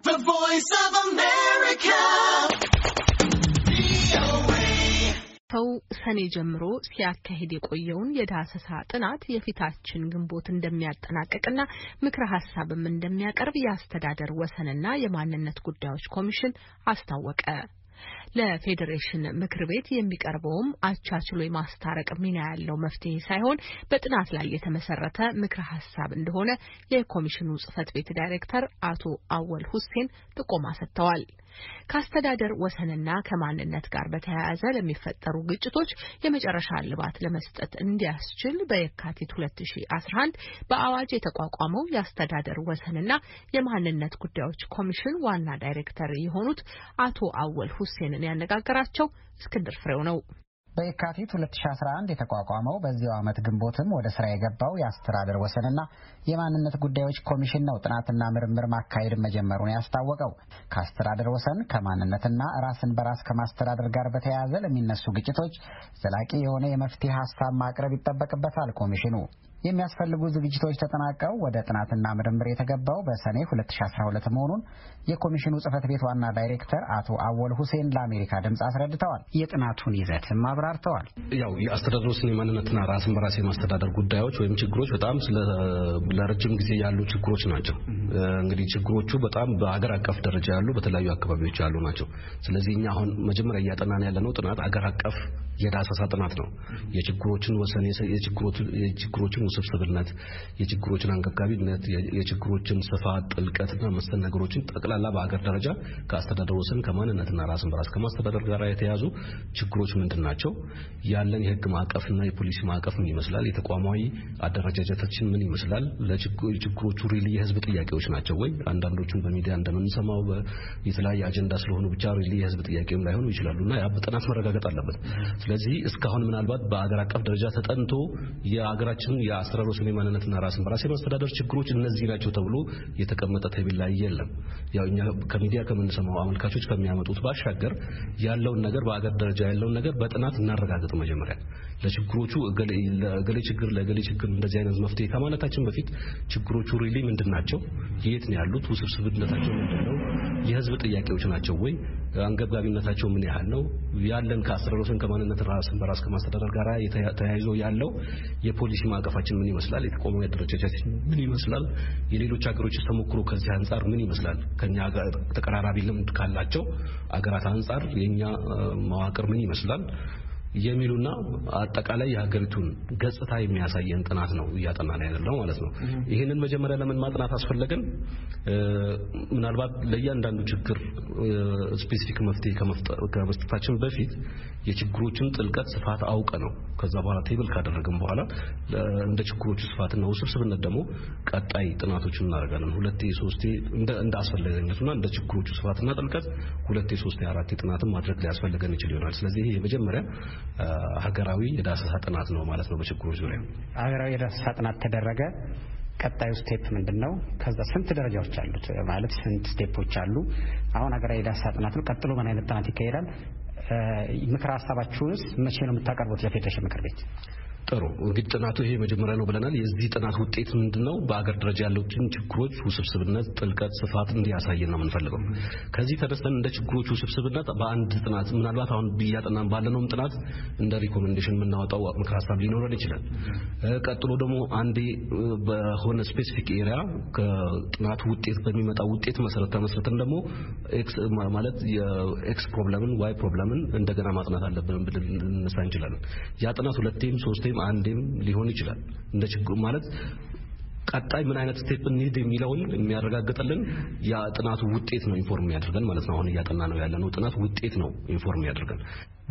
The Voice of America. ሰው ሰኔ ጀምሮ ሲያካሄድ የቆየውን የዳሰሳ ጥናት የፊታችን ግንቦት እንደሚያጠናቅቅና ምክረ ሀሳብም እንደሚያቀርብ የአስተዳደር ወሰንና የማንነት ጉዳዮች ኮሚሽን አስታወቀ። ለፌዴሬሽን ምክር ቤት የሚቀርበውም አቻችሎ የማስታረቅ ሚና ያለው መፍትሄ ሳይሆን በጥናት ላይ የተመሰረተ ምክረ ሀሳብ እንደሆነ የኮሚሽኑ ጽህፈት ቤት ዳይሬክተር አቶ አወል ሁሴን ጥቆማ ሰጥተዋል። ከአስተዳደር ወሰንና ከማንነት ጋር በተያያዘ ለሚፈጠሩ ግጭቶች የመጨረሻ እልባት ለመስጠት እንዲያስችል በየካቲት 2011 በአዋጅ የተቋቋመው የአስተዳደር ወሰንና የማንነት ጉዳዮች ኮሚሽን ዋና ዳይሬክተር የሆኑት አቶ አወል ሁሴንን ያነጋገራቸው እስክንድር ፍሬው ነው። በየካቲት 2011 የተቋቋመው በዚያው ዓመት ግንቦትም ወደ ስራ የገባው የአስተዳደር ወሰንና የማንነት ጉዳዮች ኮሚሽን ነው ጥናትና ምርምር ማካሄድ መጀመሩን ያስታወቀው። ከአስተዳደር ወሰን ከማንነትና ራስን በራስ ከማስተዳደር ጋር በተያያዘ ለሚነሱ ግጭቶች ዘላቂ የሆነ የመፍትሄ ሀሳብ ማቅረብ ይጠበቅበታል ኮሚሽኑ። የሚያስፈልጉ ዝግጅቶች ተጠናቀው ወደ ጥናትና ምርምር የተገባው በሰኔ 2012 መሆኑን የኮሚሽኑ ጽህፈት ቤት ዋና ዳይሬክተር አቶ አወል ሁሴን ለአሜሪካ ድምፅ አስረድተዋል። የጥናቱን ይዘትም አብራርተዋል። ያው የአስተዳደር ውስን የማንነትና ራስን በራስ የማስተዳደር ጉዳዮች ወይም ችግሮች በጣም ለረጅም ጊዜ ያሉ ችግሮች ናቸው። እንግዲህ ችግሮቹ በጣም በአገር አቀፍ ደረጃ ያሉ በተለያዩ አካባቢዎች ያሉ ናቸው። ስለዚህ እኛ አሁን መጀመሪያ እያጠናን ያለነው ጥናት አገር አቀፍ የዳሰሳ ጥናት ነው። የችግሮችን ወሰን የችግሮችን ውስብስብነት፣ የችግሮችን አንገብጋቢነት፣ የችግሮችን ስፋት፣ ጥልቀትና መሰል ነገሮችን ጠቅላላ በአገር ደረጃ ከአስተዳደር ወሰን ከማንነትና ራስን በራስ ከማስተዳደር ጋር የተያዙ ችግሮች ምንድን ናቸው? ያለን የህግ ማዕቀፍና የፖሊሲ ማዕቀፍ ምን ይመስላል? የተቋማዊ አደረጃጀታችን ምን ይመስላል? ለችግሮቹ ሪሊ የህዝብ ጥያቄዎች ናቸው ወይ? አንዳንዶቹን በሚዲያ እንደምንሰማው የተለያየ አጀንዳ ስለሆኑ ብቻ ሪሊ የህዝብ ጥያቄም ላይሆኑ ይችላሉ እና ያ በጥናት መረጋገጥ አለበት። ስለዚህ እስካሁን ምናልባት በአገር አቀፍ ደረጃ ተጠንቶ የ የአስተዳደሩ ስሜ ማንነትና ራስን በራስ የማስተዳደር ችግሮች እነዚህ ናቸው ተብሎ የተቀመጠ ተቢል ላይ የለም። ያው እኛ ከሚዲያ ከምንሰማው አመልካቾች ከሚያመጡት ባሻገር ያለውን ነገር በአገር ደረጃ ያለውን ነገር በጥናት እናረጋግጥ። መጀመሪያ ለችግሮቹ ለእገሌ ችግር ለእገሌ ችግር እንደዚህ አይነት መፍትሄ ከማለታችን በፊት ችግሮቹ ሪሊ ምንድን ናቸው? የት ነው ያሉት? ውስብስብነታቸው ምንድን ነው? የህዝብ ጥያቄዎች ናቸው ወይ አንገብጋቢነታቸው ምን ያህል ነው ያለን ከአስተዳደሩን ከማንነት ራስን በራስ ከማስተዳደር ጋር ተያይዞ ያለው የፖሊሲ ማዕቀፋችን ምን ይመስላል፣ የተቋማዊ አደረጃጀታችን ምን ይመስላል፣ የሌሎች ሀገሮች ተሞክሮ ከዚህ አንጻር ምን ይመስላል፣ ከኛ ተቀራራቢ ልምድ ካላቸው አገራት አንጻር የኛ መዋቅር ምን ይመስላል የሚሉና አጠቃላይ የሀገሪቱን ገጽታ የሚያሳየን ጥናት ነው እያጠናን ያለው ማለት ነው። ይህንን መጀመሪያ ለምን ማጥናት አስፈለገን? ምናልባት ለእያንዳንዱ ችግር ስፔሲፊክ መፍትሄ ከመስጠታችን በፊት የችግሮችን ጥልቀት፣ ስፋት አውቀ ነው ከዛ በኋላ ቴብል ካደረግን በኋላ እንደ ችግሮቹ ስፋትና ውስብስብነት ደግሞ ቀጣይ ጥናቶችን እናደርጋለን። ሁለቴ ሶስቴ እንደ አስፈላጊነቱና እንደ ችግሮቹ ስፋትና ጥልቀት ሁለቴ ሶስቴ አራቴ ጥናትን ማድረግ ሊያስፈልገን ይችል ይሆናል። ስለዚህ ይሄ የመጀመሪያ ሀገራዊ የዳሰሳ ጥናት ነው ማለት ነው። በችግሮች ዙሪያ ሀገራዊ የዳሰሳ ጥናት ተደረገ። ቀጣዩ ስቴፕ ምንድን ነው? ከዛ ስንት ደረጃዎች አሉት ማለት ስንት ስቴፖች አሉ? አሁን ሀገራዊ የዳሰሳ ጥናት ነው። ቀጥሎ ምን አይነት ጥናት ይካሄዳል? ምክር ሀሳባችሁንስ መቼ ነው የምታቀርቡት ለፌዴሬሽን ምክር ቤት? ጥሩ እንግዲህ ጥናቱ ይሄ መጀመሪያ ነው ብለናል። የዚህ ጥናት ውጤት ምንድን ነው? በአገር ደረጃ ያሉትን ችግሮች ውስብስብነት፣ ጥልቀት፣ ስፋት እንዲያሳየን ነው የምንፈልገው። ከዚህ ተነስተን እንደ ችግሮች ውስብስብነት በአንድ ጥናት ምናልባት አሁን እያጠናን ባለነውም ጥናት እንደ ሪኮሜንዴሽን የምናወጣው ምክር ሀሳብ ሊኖረን ይችላል። ቀጥሎ ደግሞ አንዴ በሆነ ስፔሲፊክ ኤሪያ ከጥናቱ ውጤት በሚመጣ ውጤት መሰረት ተመስረትን ደግሞ ማለት የኤክስ ፕሮብለምን ዋይ ፕሮብለምን እንደገና ማጥናት አለብን ብለን እንነሳ እንችላለን። ያ ጥናት ሁለቴም ሶስቴም ወይም አንዴም ሊሆን ይችላል። እንደ ችግሩ ማለት ቀጣይ ምን አይነት ስቴፕ እንሂድ የሚለውን የሚያረጋግጥልን ጥናቱ ውጤት ነው ኢንፎርም ያደርገን ማለት ነው። አሁን እያጠና ነው ያለነው ጥናት ውጤት ነው ኢንፎርም ያደርገን።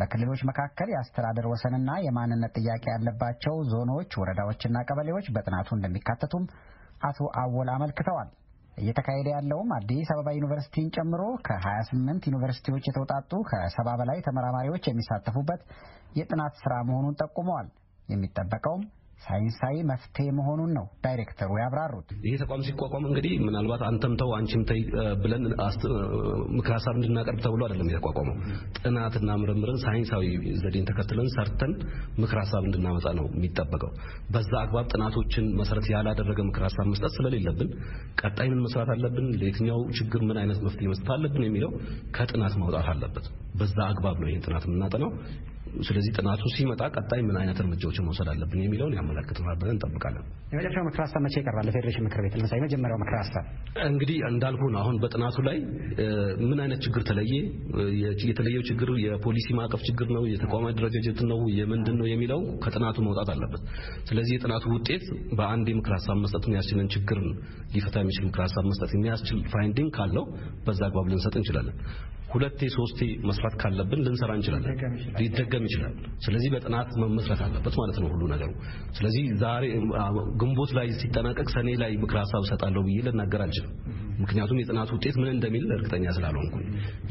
በክልሎች መካከል የአስተዳደር ወሰንና የማንነት ጥያቄ ያለባቸው ዞኖች፣ ወረዳዎችና ቀበሌዎች በጥናቱ እንደሚካተቱም አቶ አወል አመልክተዋል። እየተካሄደ ያለውም አዲስ አበባ ዩኒቨርሲቲን ጨምሮ ከ28 ዩኒቨርሲቲዎች የተውጣጡ ከሰባ በላይ ተመራማሪዎች የሚሳተፉበት የጥናት ስራ መሆኑን ጠቁመዋል። የሚጠበቀውም ሳይንሳዊ መፍትሄ መሆኑን ነው ዳይሬክተሩ ያብራሩት። ይሄ ተቋም ሲቋቋም እንግዲህ ምናልባት አንተም ተው አንቺም ተይ ብለን ምክር ሀሳብ እንድናቀርብ ተብሎ አይደለም የተቋቋመው። ጥናትና ምርምርን ሳይንሳዊ ዘዴን ተከትለን ሰርተን ምክር ሀሳብ እንድናመጣ ነው የሚጠበቀው። በዛ አግባብ ጥናቶችን መሰረት ያላደረገ ምክር ሀሳብ መስጠት ስለሌለብን ቀጣይ ምን መስራት አለብን፣ ለየትኛው ችግር ምን አይነት መፍትሄ መስጠት አለብን የሚለው ከጥናት መውጣት አለበት። በዛ አግባብ ነው ይህን ጥናት የምናጠናው። ስለዚህ ጥናቱ ሲመጣ ቀጣይ ምን አይነት እርምጃዎችን መውሰድ አለብን የሚለውን ያመለክተናል ብለን እንጠብቃለን። የመጨረሻው ምክር ሀሳብ መቼ ይቀርባል? ለፌዴሬሽን ምክር ቤት ለምሳሌ የመጀመሪያው ምክር ሀሳብ እንግዲህ እንዳልኩ ነው። አሁን በጥናቱ ላይ ምን አይነት ችግር ተለየ፣ የተለየው ችግር የፖሊሲ ማዕቀፍ ችግር ነው፣ የተቋማዊ አደረጃጀት ነው፣ የምንድን ነው የሚለው ከጥናቱ መውጣት አለበት። ስለዚህ የጥናቱ ውጤት በአንድ የምክር ሀሳብ መስጠት የሚያስችለን ችግር ሊፈታ የሚችል ምክር ሀሳብ መስጠት የሚያስችል ፋይንዲንግ ካለው በዛ አግባብ ልንሰጥ እንችላለን። ሁለቴ ሶስቴ መስራት ካለብን ልንሰራ እንችላለን፣ ሊደገም ይችላል። ስለዚህ በጥናት መመስረት አለበት ማለት ነው ሁሉ ነገሩ። ስለዚህ ዛሬ ግንቦት ላይ ሲጠናቀቅ ሰኔ ላይ ምክር ሀሳብ እሰጣለሁ ብዬ ልናገር አልችልም። ምክንያቱም የጥናቱ ውጤት ምን እንደሚል እርግጠኛ ስላልሆንኩ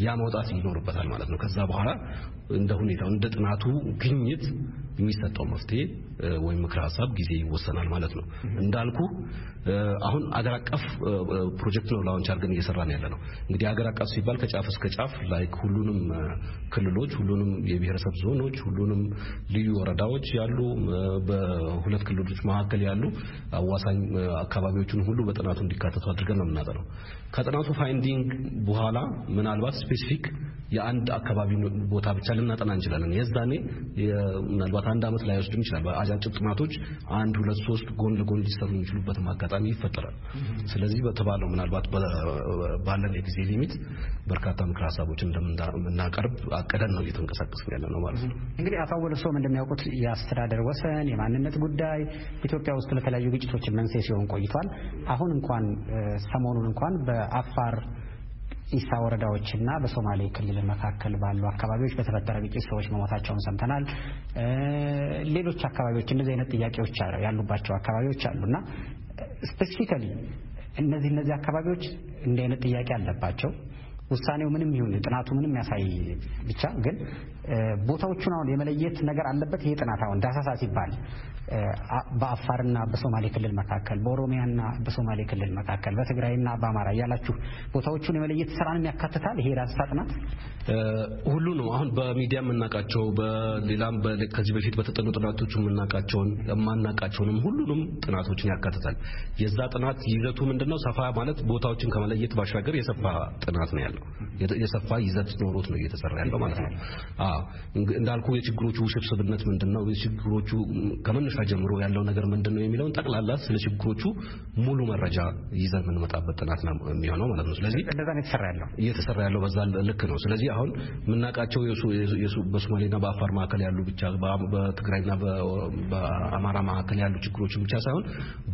ያ መውጣት ይኖርበታል ማለት ነው። ከዛ በኋላ እንደ ሁኔታው እንደ ጥናቱ ግኝት የሚሰጠው መፍትሄ ወይም ምክር ሀሳብ ጊዜ ይወሰናል ማለት ነው። እንዳልኩ አሁን አገር አቀፍ ፕሮጀክት ነው ላውንች አድርገን እየሰራን ያለ ነው። እንግዲህ አገር አቀፍ ሲባል ከጫፍ እስከ ጫፍ ላይክ ሁሉንም ክልሎች፣ ሁሉንም የብሔረሰብ ዞኖች፣ ሁሉንም ልዩ ወረዳዎች ያሉ በሁለት ክልሎች መካከል ያሉ አዋሳኝ አካባቢዎችን ሁሉ በጥናቱ እንዲካተቱ አድርገን ነው የምናጠነው። ከጥናቱ ፋይንዲንግ በኋላ ምናልባት ስፔሲፊክ የአንድ አካባቢ ቦታ ብቻ ልናጠና እንችላለን። የዛኔ ምናልባት አንድ አመት ላይ ወስድም ይችላል። በአጫጭር ጥናቶች አንድ ሁለት ሶስት ጎን ለጎን ሊሰሩ የሚችሉበት አጋጣሚ ይፈጠራል። ስለዚህ በተባለው ምናልባት ባለን የጊዜ ሊሚት በርካታ ምክር ሀሳቦችን እንደምናቀርብ አቀደን ነው እየተንቀሳቀስን ያለ ነው ማለት ነው። እንግዲህ አቶ አወል እንደሚያውቁት የአስተዳደር ወሰን፣ የማንነት ጉዳይ ኢትዮጵያ ውስጥ ለተለያዩ ግጭቶች መንስኤ ሲሆን ቆይቷል። አሁን እንኳን ሰሞኑን እንኳን በአፋር ኢሳ ወረዳዎችና በሶማሌ ክልል መካከል ባሉ አካባቢዎች በተፈጠረ ግጭት ሰዎች መሞታቸውን ሰምተናል። ሌሎች አካባቢዎች እንደዚህ አይነት ጥያቄዎች ያሉባቸው አካባቢዎች አሉና ስፔሲፊካሊ እነዚህ እነዚህ አካባቢዎች እንዲህ አይነት ጥያቄ አለባቸው። ውሳኔው ምንም ይሁን ጥናቱ ምንም ያሳይ ብቻ ግን ቦታዎቹን አሁን የመለየት ነገር አለበት። ይሄ ጥናት አሁን ዳሳሳ ሲባል በአፋርና በሶማሌ ክልል መካከል፣ በኦሮሚያና በሶማሌ ክልል መካከል፣ በትግራይና በአማራ እያላችሁ ቦታዎቹን የመለየት ስራንም ያካትታል ይሄ ዳሰሳ ጥናት? ሁሉ ነው። አሁን በሚዲያ የምናውቃቸው በሌላም ከዚህ በፊት በተጠኑ ጥናቶች የምናውቃቸውን የማናውቃቸውንም ሁሉንም ጥናቶችን ያካትታል። የዛ ጥናት ይዘቱ ምንድነው? ሰፋ ማለት ቦታዎችን ከመለየት ባሻገር የሰፋ ጥናት ነው ያለው። የሰፋ ይዘት ኖሮት ነው እየተሰራ ያለው ማለት ነው። አዎ እንዳልኩ የችግሮቹ ውስብስብነት ምንድነው? የችግሮቹ ከምን ከሙዚቃ ጀምሮ ያለው ነገር ምንድን ነው የሚለውን ጠቅላላ ስለ ችግሮቹ ሙሉ መረጃ ይዘን የምንመጣበት ጥናት ነው የሚሆነው ማለት ነው። ስለዚህ እንደዛ ነው የተሰራ ያለው እየተሰራ ያለው በዛ ልክ ነው። ስለዚህ አሁን የምናውቃቸው በሶማሌና በአፋር መካከል ያሉ ብቻ በትግራይና በአማራ መካከል ያሉ ችግሮችን ብቻ ሳይሆን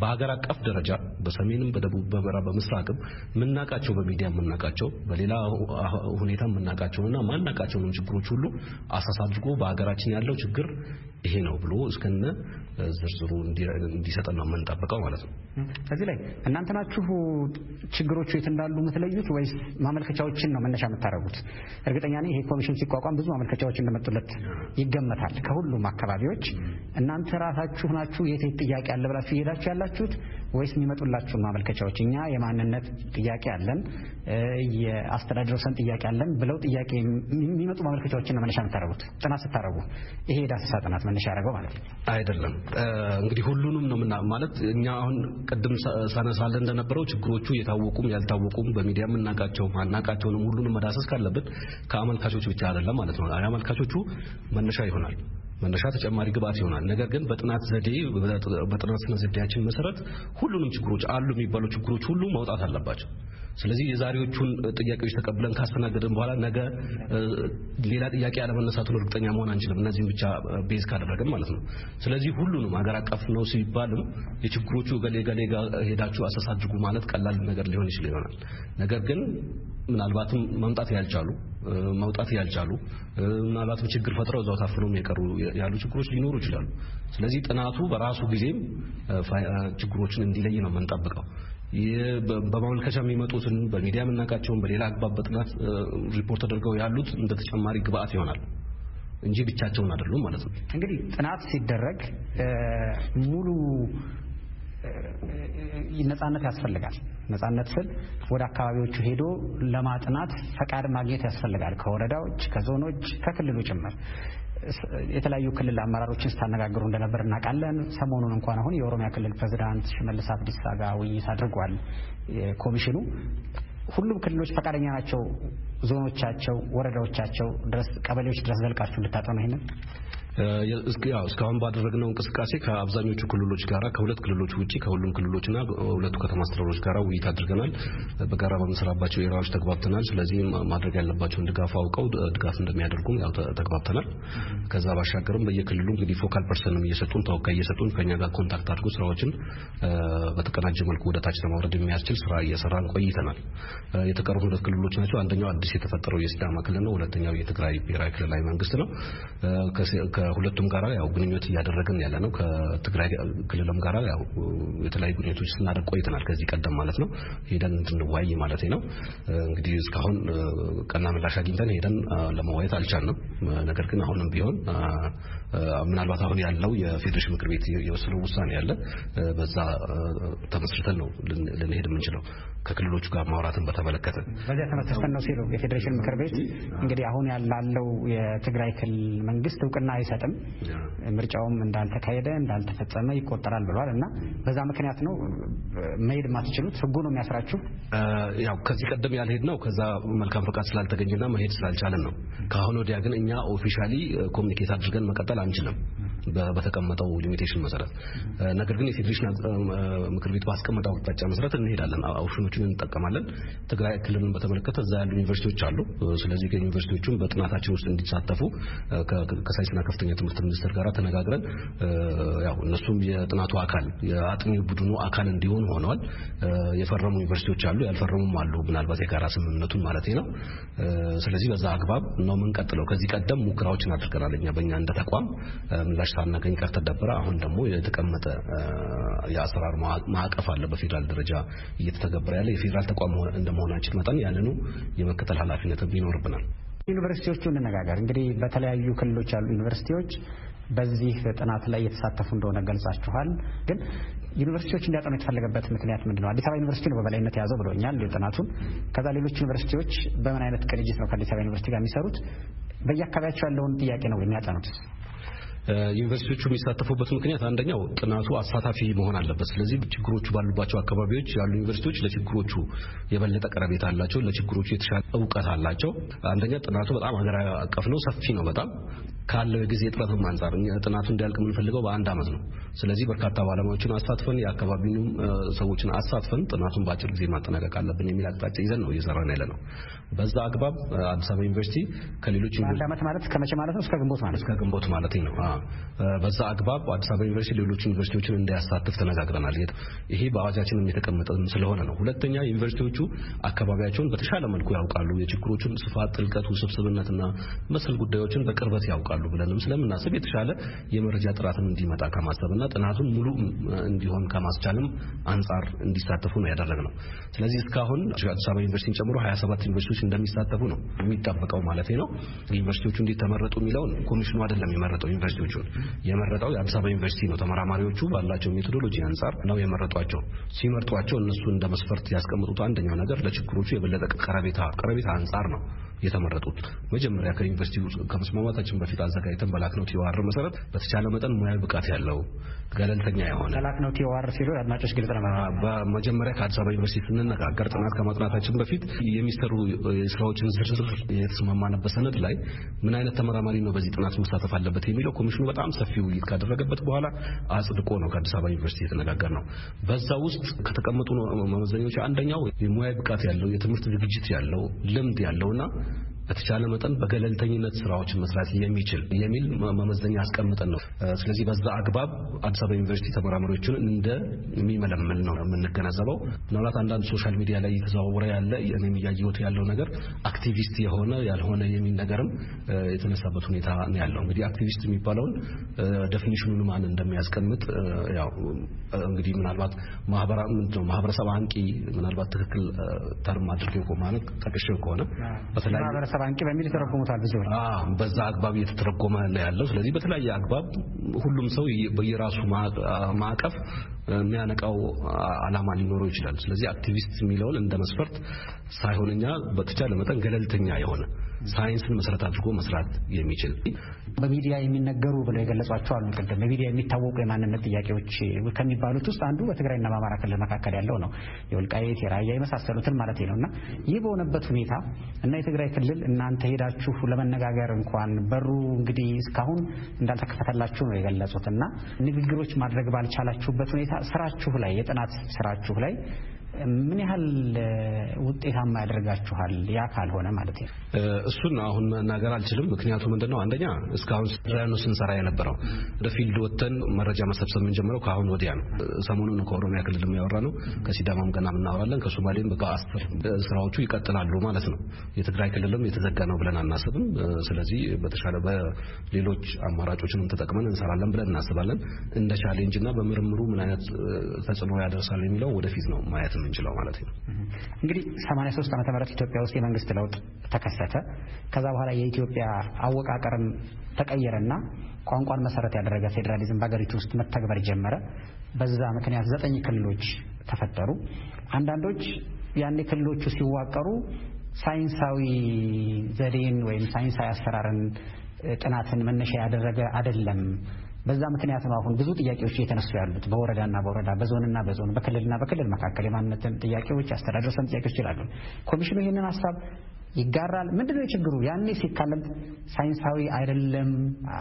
በሀገር አቀፍ ደረጃ በሰሜንም፣ በደቡብ፣ በምዕራብ፣ በምስራቅም የምናውቃቸው በሚዲያ የምናውቃቸው በሌላ ሁኔታ የምናውቃቸውና ማናውቃቸውንም ችግሮች ሁሉ አሳሳድጎ በሀገራችን ያለው ችግር ይሄ ነው ብሎ እስከነ ዝርዝሩ እንዲሰጠን ነው የምንጠብቀው ማለት ነው። ከዚህ ላይ እናንተ ናችሁ ችግሮቹ የት እንዳሉ የምትለዩት ወይስ ማመልከቻዎችን ነው መነሻ የምታደርጉት? እርግጠኛ ነኝ ይሄ ኮሚሽን ሲቋቋም ብዙ ማመልከቻዎች እንደመጡለት ይገመታል ከሁሉም አካባቢዎች። እናንተ ራሳችሁ ናችሁ የት የት ጥያቄ አለ ብላችሁ እየሄዳችሁ ያላችሁት ወይስ የሚመጡላችሁን ማመልከቻዎች እኛ የማንነት ጥያቄ አለን፣ የአስተዳደር ወሰን ጥያቄ አለን ብለው ጥያቄ የሚመጡ ማመልከቻዎችን መነሻ የምታደርጉት ጥናት ስታደርጉ ይሄ የዳሰሳ ጥናት መነሻ ያደረገው ማለት አይደለም። እንግዲህ ሁሉንም ነው ምና ማለት እኛ አሁን ቅድም ሳነሳለን እንደነበረው ችግሮቹ የታወቁም ያልታወቁም በሚዲያ የምናቃቸው አናቃቸውንም ሁሉንም መዳሰስ ካለብን ከአመልካቾች ብቻ አይደለም ማለት ነው። አመልካቾቹ መነሻ ይሆናል። መነሻ ተጨማሪ ግብዓት ይሆናል። ነገር ግን በጥናት ዘዴ በጥናት ስነ ዘዴያችን መሰረት ሁሉንም ችግሮች አሉ የሚባሉ ችግሮች ሁሉ መውጣት አለባቸው። ስለዚህ የዛሬዎቹን ጥያቄዎች ተቀብለን ካስተናገድን በኋላ ነገ ሌላ ጥያቄ አለመነሳቱን እርግጠኛ መሆን አንችልም፣ እነዚህም ብቻ ቤዝ ካደረግን ማለት ነው። ስለዚህ ሁሉንም አገር አቀፍ ነው ሲባልም የችግሮቹ ገሌ ገሌ ጋር ሄዳችሁ አሰሳ አድርጉ ማለት ቀላል ነገር ሊሆን ይችል ይሆናል። ነገር ግን ምናልባትም መምጣት ያልቻሉ መውጣት ያልቻሉ ምናልባትም ችግር ፈጥረው እዛው ታፍኖም የቀሩ ያሉ ችግሮች ሊኖሩ ይችላሉ። ስለዚህ ጥናቱ በራሱ ጊዜም ችግሮችን እንዲለይ ነው የምንጠብቀው። በማመልከቻ የሚመጡትን በሚዲያ የምናውቃቸውን በሌላ አግባብ በጥናት ሪፖርት ተደርገው ያሉት እንደ ተጨማሪ ግብአት ይሆናል እንጂ ብቻቸውን አይደሉም ማለት ነው። እንግዲህ ጥናት ሲደረግ ሙሉ ነጻነት ያስፈልጋል። ነጻነት ስል ወደ አካባቢዎቹ ሄዶ ለማጥናት ፈቃድ ማግኘት ያስፈልጋል። ከወረዳዎች፣ ከዞኖች፣ ከክልሉ ጭምር የተለያዩ ክልል አመራሮችን ስታነጋግሩ እንደነበር እናውቃለን። ሰሞኑን እንኳን አሁን የኦሮሚያ ክልል ፕሬዚዳንት ሽመልስ አብዲሳ ጋር ውይይት አድርጓል ኮሚሽኑ። ሁሉም ክልሎች ፈቃደኛ ናቸው። ዞኖቻቸው፣ ወረዳዎቻቸው ድረስ ቀበሌዎች ድረስ ዘልቃችሁ እንድታጠኑ ይህንን እስካሁን ባደረግነው እንቅስቃሴ ከአብዛኞቹ ክልሎች ጋራ ከሁለት ክልሎች ውጭ ከሁሉም ክልሎችና ሁለቱ ከተማ አስተዳደሮች ጋራ ውይይት አድርገናል። በጋራ በምንሰራባቸው ኤራዎች ተግባብተናል። ስለዚህ ማድረግ ያለባቸውን ድጋፍ አውቀው ድጋፍ እንደሚያደርጉም ያው ተግባብተናል። ከዛ ባሻገርም በየክልሉ እንግዲህ ፎካል ፐርሰንም እየሰጡን ተወካይ እየሰጡን ከኛ ጋር ኮንታክት አድርጎ ስራዎችን በተቀናጀ መልኩ ወደታች ለማውረድ የሚያስችል ስራ እየሰራን ቆይተናል። የተቀሩት ሁለት ክልሎች ናቸው። አንደኛው አዲስ የተፈጠረው የሲዳማ ክልል ነው። ሁለተኛው የትግራይ ብሔራዊ ክልላዊ መንግስት ነው። ከሁለቱም ጋራ ያው ግንኙነት እያደረግን ያለ ነው። ከትግራይ ክልልም ጋራ ያው የተለያዩ ግንኙነቶች ስናደርግ ቆይተናል። ከዚህ ቀደም ማለት ነው ሄደን እንድንወያይ ማለት ነው። እንግዲህ እስካሁን ቀና ምላሽ አግኝተን ሄደን ለመወያየት አልቻልንም። ነገር ግን አሁንም ቢሆን ምናልባት አሁን ያለው የፌዴሬሽን ምክር ቤት የወሰነው ውሳኔ ያለ በዛ ተመስርተን ነው ልንሄድ የምንችለው ከክልሎቹ ጋር ማውራትን በተመለከተ በዚያ ተመስርተን ነው ሲሉ የፌዴሬሽን ምክር ቤት እንግዲህ አሁን ያላለው የትግራይ ክልል መንግስት እውቅና አይሰጥም፣ ምርጫውም እንዳልተካሄደ እንዳልተፈጸመ ይቆጠራል ብሏል እና በዛ ምክንያት ነው መሄድ ማትችሉት። ህጉ ነው የሚያስራችሁ። ያው ከዚህ ቀደም ያልሄድ ነው ከዛ መልካም ፈቃድ ስላልተገኘና መሄድ ስላልቻለን ነው። ከአሁን ወዲያ ግን እኛ ኦፊሻሊ ኮሚኒኬት አድርገን መቀጠል አንችልም። በተቀመጠው ሊሚቴሽን መሰረት ነገር ግን የፌዴሬሽን ምክር ቤት ባስቀመጠው አቅጣጫ መሰረት እንሄዳለን። ኦፕሽኖችን እንጠቀማለን። ትግራይ ክልልን በተመለከተ እዛ ያሉ ዩኒቨርሲቲዎች አሉ። ስለዚህ ከዩኒቨርሲቲዎቹም በጥናታችን ውስጥ እንዲሳተፉ ከሳይንስና ከፍተኛ ትምህርት ሚኒስቴር ጋር ተነጋግረን ያው እነሱም የጥናቱ አካል የአጥኚ ቡድኑ አካል እንዲሆን ሆነዋል። የፈረሙ ዩኒቨርሲቲዎች አሉ፣ ያልፈረሙም አሉ። ምናልባት የጋራ ስምምነቱን ማለት ነው። ስለዚህ በዛ አግባብ ነው የምንቀጥለው። ከዚህ ቀደም ሙከራዎችን አድርገናል። እኛ በእኛ እንደ ተቋም ምላሽ ሳናገኝ ቀርተን ነበረ። አሁን ደግሞ የተቀመጠ የአሰራር ማዕቀፍ አለ በፌዴራል ደረጃ እየተተገበረ ያለ የፌዴራል ተቋም እንደመሆናችን መጠን ያንኑ የመከተል ኃላፊነትም ይኖርብናል። ዩኒቨርሲቲዎቹ እንነጋገር እንግዲህ በተለያዩ ክልሎች ያሉ ዩኒቨርሲቲዎች በዚህ ጥናት ላይ የተሳተፉ እንደሆነ ገልጻችኋል። ግን ዩኒቨርሲቲዎች እንዲያጠኑ የተፈለገበት ምክንያት ምንድን ነው? አዲስ አበባ ዩኒቨርሲቲ ነው በበላይነት የያዘው ብሎኛል ጥናቱን። ከዛ ሌሎች ዩኒቨርሲቲዎች በምን አይነት ቅንጅት ነው ከአዲስ አበባ ዩኒቨርሲቲ ጋር የሚሰሩት? በየአካባቢያቸው ያለውን ጥያቄ ነው የሚያጠኑት? ዩኒቨርሲቲዎቹ የሚሳተፉበት ምክንያት አንደኛው ጥናቱ አሳታፊ መሆን አለበት። ስለዚህ ችግሮቹ ባሉባቸው አካባቢዎች ያሉ ዩኒቨርሲቲዎች ለችግሮቹ የበለጠ ቀረቤታ አላቸው፣ ለችግሮቹ የተሻለ እውቀት አላቸው። አንደኛ ጥናቱ በጣም ሀገራዊ አቀፍ ነው፣ ሰፊ ነው በጣም ካለው የጊዜ እጥረትም አንጻር ጥናቱ እንዲያልቅ የምንፈልገው በአንድ ዓመት ነው። ስለዚህ በርካታ ባለሙያዎችን አሳትፈን የአካባቢውንም ሰዎችን አሳትፈን ጥናቱን በአጭር ጊዜ ማጠናቀቅ አለብን የሚል አቅጣጫ ይዘን ነው እየሰራን ያለ ነው። በዛ አግባብ አዲስ አበባ ዩኒቨርሲቲ ከሌሎች አንድ ዓመት ማለት ከመቼ ማለት ነው? እስከ ግንቦት ማለት እስከ ግንቦት ማለት ነው። በዛ አግባብ አዲስ አበባ ዩኒቨርሲቲ ሌሎች ዩኒቨርሲቲዎችን እንዳያሳትፍ ተነጋግረናል። ይሄ በአዋጃችንም የተቀመጠ ስለሆነ ነው። ሁለተኛ ዩኒቨርሲቲዎቹ አካባቢያቸውን በተሻለ መልኩ ያውቃሉ። ያውቃሉ፣ የችግሮቹን ስፋት፣ ጥልቀት፣ ውስብስብነትና መሰል ጉዳዮችን በቅርበት ያውቃሉ ብለንም ስለምናስብ የተሻለ የመረጃ ጥራትን እንዲመጣ ከማሰብና ጥናቱን ሙሉ እንዲሆን ከማስቻልም አንጻር እንዲሳተፉ ነው ያደረግነው። ስለዚህ እስካሁን አዲስ አበባ ዩኒቨርሲቲን ጨምሮ 27 ዩኒቨርሲቲዎች እንደሚሳተፉ ነው የሚጠበቀው ማለት ነው። ዩኒቨርሲቲዎቹ እንዴት ተመረጡ የሚለውን ኮሚሽኑ አይደለም የመረጠው። ዩኒቨርሲቲዎቹን የመረጠው የአዲስ አበባ ዩኒቨርሲቲ ነው። ተመራማሪዎቹ ባላቸው ሜቶዶሎጂ አንጻር ነው የመረጧቸው። ሲመርጧቸው እነሱ እንደ መስፈርት ያስቀምጡት አንደኛው ነገር ለችግሮቹ የበለጠ ቀረቤታ भी संसार में የተመረጡት። መጀመሪያ ከዩኒቨርሲቲው ከመስማማታችን በፊት አዘጋጅተን በላክነው ቲዋር መሰረት በተቻለ መጠን ሙያዊ ብቃት ያለው ገለልተኛ የሆነ በላክነው ቲዋር ሲሉ አድማጮች ግልጽ ነው። መጀመሪያ ከአዲስ አበባ ዩኒቨርሲቲ ስንነጋገር ጥናት ከማጥናታችን በፊት የሚሰሩ ስራዎችን ዝርዝር የተስማማነበት ሰነድ ላይ ምን አይነት ተመራማሪ ነው በዚህ ጥናት መሳተፍ አለበት የሚለው ኮሚሽኑ በጣም ሰፊ ውይይት ካደረገበት በኋላ አጽድቆ ነው ከአዲስ አበባ ዩኒቨርሲቲ የተነጋገር ነው። በዛ ውስጥ ከተቀመጡ መመዘኛዎች አንደኛው ሙያዊ ብቃት ያለው የትምህርት ዝግጅት ያለው ልምድ ያለውና በተቻለ መጠን በገለልተኝነት ስራዎችን መስራት የሚችል የሚል መመዘኛ አስቀምጠን ነው። ስለዚህ በዛ አግባብ አዲስ አበባ ዩኒቨርሲቲ ተመራማሪዎችን እንደ የሚመለመል ነው የምንገነዘበው። ምናልባት አንዳንድ ሶሻል ሚዲያ ላይ እየተዘዋወረ ያለ እኔም እያየሁት ያለው ነገር አክቲቪስት የሆነ ያልሆነ የሚል ነገርም የተነሳበት ሁኔታ ነው ያለው። እንግዲህ አክቲቪስት የሚባለውን ደፊኒሽኑን ማን እንደሚያስቀምጥ ያው እንግዲህ ምናልባት ማህበረሰብ አንቂ ምናልባት ትክክል ተርም አድርጌው ማለት ጠቅሼው ከሆነ በተለያዩ ቤተሰብ አንቂ በሚል ይተረጉሙታል ብዙ በዛ አግባብ እየተተረጎመ ነው ያለው። ስለዚህ በተለያየ አግባብ ሁሉም ሰው በየራሱ ማዕቀፍ የሚያነቃው አላማ ሊኖረው ይችላል። ስለዚህ አክቲቪስት የሚለውን እንደ መስፈርት ሳይሆን እኛ በተቻለ መጠን ገለልተኛ የሆነ ሳይንስን መሰረት አድርጎ መስራት የሚችል በሚዲያ የሚነገሩ ብለው የገለጿቸው አሉ። ቅድም በሚዲያ የሚታወቁ የማንነት ጥያቄዎች ከሚባሉት ውስጥ አንዱ በትግራይና በአማራ ክልል መካከል ያለው ነው። የወልቃይት የራያ የመሳሰሉትን ማለት ነው እና ይህ በሆነበት ሁኔታ እና የትግራይ ክልል እናንተ ሄዳችሁ ለመነጋገር እንኳን በሩ እንግዲህ እስካሁን እንዳልተከፈተላችሁ ነው የገለጹት እና ንግግሮች ማድረግ ባልቻላችሁበት ሁኔታ ስራችሁ ላይ የጥናት ስራችሁ ላይ ምን ያህል ውጤታማ ያደርጋችኋል? ያ ካልሆነ ማለት ነው። እሱን አሁን መናገር አልችልም። ምክንያቱ ምንድን ነው? አንደኛ እስካሁን ሪያኑ ስንሰራ የነበረው ወደ ፊልድ ወጥተን መረጃ መሰብሰብ የምንጀምረው ከአሁን ወዲያ ነው። ሰሞኑን ከኦሮሚያ ክልል የሚያወራ ነው። ከሲዳማም ገና የምናወራለን። ከሶማሌም በቃ ስራዎቹ ይቀጥላሉ ማለት ነው። የትግራይ ክልልም የተዘጋ ነው ብለን አናስብም። ስለዚህ በተሻለ በሌሎች አማራጮችንም ተጠቅመን እንሰራለን ብለን እናስባለን። እንደ ቻሌንጅ እና በምርምሩ ምን አይነት ተጽዕኖ ያደርሳል የሚለው ወደፊት ነው ማየት ነው። የምንችለው ማለት ነው። እንግዲህ 83 ዓመተ ምህረት ኢትዮጵያ ውስጥ የመንግስት ለውጥ ተከሰተ። ከዛ በኋላ የኢትዮጵያ አወቃቀርም ተቀየረና ቋንቋን መሰረት ያደረገ ፌዴራሊዝም በሀገሪቱ ውስጥ መተግበር ጀመረ። በዛ ምክንያት ዘጠኝ ክልሎች ተፈጠሩ። አንዳንዶች ያኔ ክልሎቹ ሲዋቀሩ ሳይንሳዊ ዘዴን ወይም ሳይንሳዊ አሰራርን ጥናትን መነሻ ያደረገ አይደለም በዛ ምክንያት ነው አሁን ብዙ ጥያቄዎች እየተነሱ ያሉት በወረዳና በወረዳ በዞንና በዞን በክልልና በክልል መካከል የማንነትን ጥያቄዎች አስተዳደር ሰን ጥያቄዎች ይላሉ። ኮሚሽኑ ይህንን ሀሳብ ይጋራል። ምንድን ነው ችግሩ? ያኔ ሲካለም ሳይንሳዊ አይደለም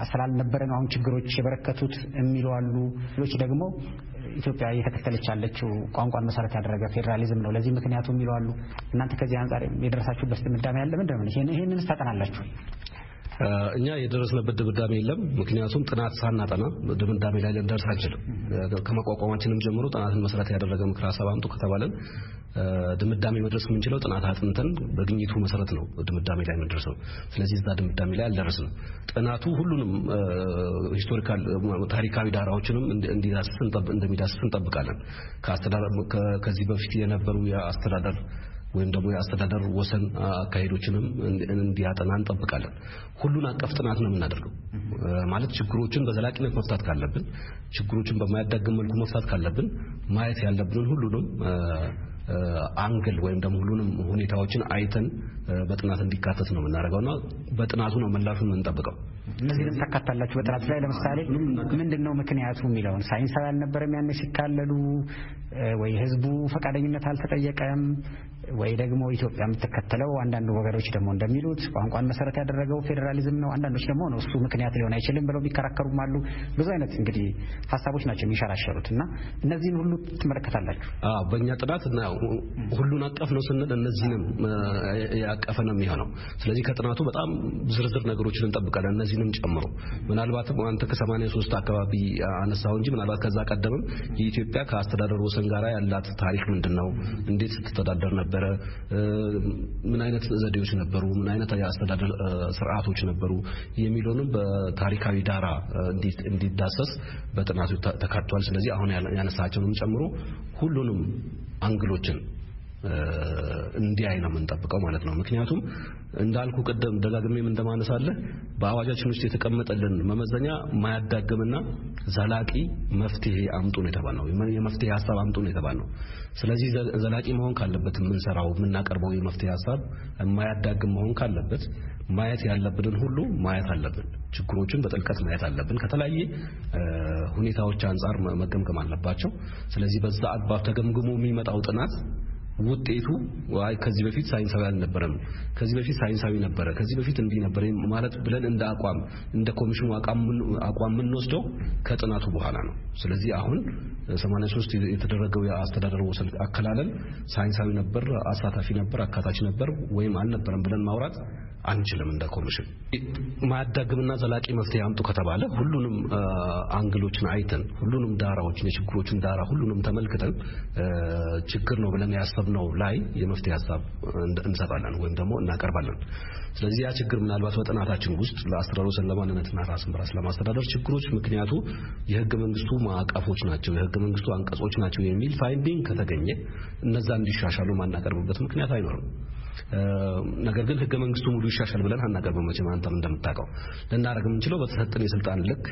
ስላልነበረ ነው አሁን ችግሮች የበረከቱት የሚሉ አሉ። ሌሎች ደግሞ ኢትዮጵያ እየተከተለች ያለችው ቋንቋን መሰረት ያደረገ ፌዴራሊዝም ነው ለዚህ ምክንያቱ የሚሉ አሉ። እናንተ ከዚህ አንጻር የደረሳችሁበት ድምዳሜ ያለ ምንድን ነው? ይህንንስ ታጠናላችሁ? እኛ የደረስንበት ድምዳሜ የለም። ምክንያቱም ጥናት ሳናጠና ድምዳሜ ላይ ልንደርስ አንችልም። ከመቋቋማችንም ጀምሮ ጥናትን መሰረት ያደረገ ምክር ሀሳብ አምጡ ከተባለን ድምዳሜ መድረስ የምንችለው ጥናት አጥንተን በግኝቱ መሰረት ነው ድምዳሜ ላይ የምንደርሰው። ስለዚህ እዛ ድምዳሜ ላይ አልደረስንም። ጥናቱ ሁሉንም ሂስቶሪካል ታሪካዊ ዳራዎችንም እንደሚዳስስ እንጠብቃለን። ከዚህ በፊት የነበሩ የአስተዳደር ወይም ደግሞ የአስተዳደር ወሰን አካሄዶችንም እንዲያጠና እንጠብቃለን። ሁሉን አቀፍ ጥናት ነው የምናደርገው። ማለት ችግሮችን በዘላቂነት መፍታት ካለብን፣ ችግሮችን በማያዳግም መልኩ መፍታት ካለብን ማየት ያለብንን ሁሉንም አንግል ወይም ደግሞ ሁሉንም ሁኔታዎችን አይተን በጥናት እንዲካተት ነው የምናደርገውና በጥናቱ ነው ምላሹን የምንጠብቀው። እነዚህንም ታካታላችሁ በጥናቱ ላይ ለምሳሌ ምንድን ነው ምክንያቱ የሚለውን ሳይንሳዊ አልነበረም ያኔ ሲካለሉ፣ ወይ ህዝቡ ፈቃደኝነት አልተጠየቀም፣ ወይ ደግሞ ኢትዮጵያ የምትከተለው አንዳንድ ወገኖች ደግሞ እንደሚሉት ቋንቋን መሰረት ያደረገው ፌዴራሊዝም ነው፣ አንዳንዶች ደግሞ ነው እሱ ምክንያት ሊሆን አይችልም ብለው የሚከራከሩም አሉ። ብዙ አይነት እንግዲህ ሀሳቦች ናቸው የሚሸራሸሩት እና እነዚህን ሁሉ ትመለከታላችሁ በእኛ ጥናት እና ያው ሁሉን አቀፍ ነው ስንል እነዚህንም ያቀፈ ነው የሚሆነው። ስለዚህ ከጥናቱ በጣም ዝርዝር ነገሮችን እንጠብቃለን እነዚህንም ጨምሮ ምናልባትም አንተ ከ ሶስት አካባቢ አነሳው እንጂ ምናልባት ከዛ ቀደምም የኢትዮጵያ ከአስተዳደር ወሰን ጋር ያላት ታሪክ ምንድን ነው? እንዴት ስትተዳደር ነበረ? ምን አይነት ዘዴዎች ነበሩ? ምን አይነት የአስተዳደር ስርዓቶች ነበሩ? የሚለውንም በታሪካዊ ዳራ እንዲዳሰስ በጥናቱ ተካቷል። ስለዚህ አሁን ያነሳቸውንም ጨምሮ ሁሉንም አንግሎችን እንዲያይ ነው የምንጠብቀው ማለት ነው። ምክንያቱም እንዳልኩ ቅድም ደጋግሜም እንደማነሳለ በአዋጃችን ውስጥ የተቀመጠልን መመዘኛ ማያዳግምና ዘላቂ መፍትሄ አምጡ ነው የተባልነው። የመፍትሄ ሀሳብ አምጡ ነው የተባልነው። ስለዚህ ዘላቂ መሆን ካለበት የምንሰራው የምናቀርበው የመፍትሄ ሀሳብ የማያዳግም መሆን ካለበት ማየት ያለብንን ሁሉ ማየት አለብን። ችግሮችን በጥልቀት ማየት አለብን። ከተለያየ ሁኔታዎች አንጻር መገምገም አለባቸው። ስለዚህ በዛ አግባብ ተገምግሞ የሚመጣው ጥናት ውጤቱ አይ ከዚህ በፊት ሳይንሳዊ አልነበረም፣ ከዚህ በፊት ሳይንሳዊ ነበረ፣ ከዚህ በፊት እንዲህ ነበረ ማለት ብለን እንደ አቋም እንደ ኮሚሽኑ አቋም የምንወስደው ከጥናቱ በኋላ ነው። ስለዚህ አሁን 83 የተደረገው የአስተዳደር ወሰን አከላለል ሳይንሳዊ ነበር፣ አሳታፊ ነበር፣ አካታች ነበር ወይም አልነበረም ብለን ማውራት አንችልም። እንደ ኮሚሽን ማያዳግምና ዘላቂ መፍትሄ አምጡ ከተባለ ሁሉንም አንግሎችን አይተን ሁሉንም ዳራዎችን የችግሮችን ዳራ ሁሉንም ተመልክተን ችግር ነው ብለን ያሰ ባሰብነው ላይ የመፍትሄ ሀሳብ እንሰጣለን ወይም ደግሞ እናቀርባለን። ስለዚህ ያ ችግር ምናልባት በጥናታችን ውስጥ ለአስተዳደሩ ለማንነትና ራስን በራስ ለማስተዳደር ችግሮች ምክንያቱ የህገ መንግስቱ ማዕቀፎች ናቸው፣ የህገ መንግስቱ አንቀጾች ናቸው የሚል ፋይንዲንግ ከተገኘ እነዛ እንዲሻሻሉ ማናቀርብበት ምክንያት አይኖርም። ነገር ግን ህገ መንግስቱ ሙሉ ይሻሻል ብለን አናቀርብም። መቼም አንተም እንደምታውቀው ልናደርግ የምንችለው በተሰጠን የስልጣን ልክ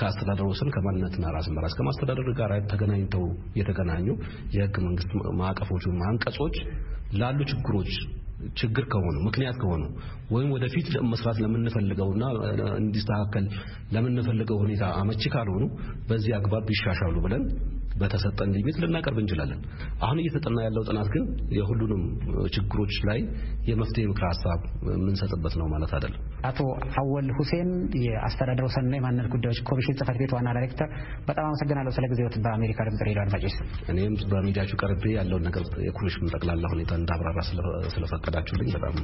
ከአስተዳደሩ ስል ከማንነትና ራስን በራስ ከማስተዳደር ጋር ተገናኝተው የተገናኙ የህግ መንግስት ማዕቀፎች አንቀጾች ላሉ ችግሮች ችግር ከሆኑ ምክንያት ከሆኑ ወይም ወደፊት መስራት ለምንፈልገውና እንዲስተካከል ለምንፈልገው ሁኔታ አመቺ ካልሆኑ በዚህ አግባብ ይሻሻሉ ብለን በተሰጠን ሊሚት ልናቀርብ እንችላለን። አሁን እየተጠና ያለው ጥናት ግን የሁሉንም ችግሮች ላይ የመፍትሄ ምክር ሀሳብ የምንሰጥበት ነው ማለት አይደለም። አቶ አወል ሁሴን የአስተዳደር ወሰንና የማንነት ጉዳዮች ኮሚሽን ጽህፈት ቤት ዋና ዳይሬክተር፣ በጣም አመሰግናለሁ ስለ ጊዜዎት በአሜሪካ ድምጽ ሬዲዮ አድማጮች። እኔም በሚዲያችሁ ቀርቤ ያለውን ነገር የኮሚሽኑ ጠቅላላ ሁኔታ እንዳብራራ ስለፈቀዳችሁልኝ በጣም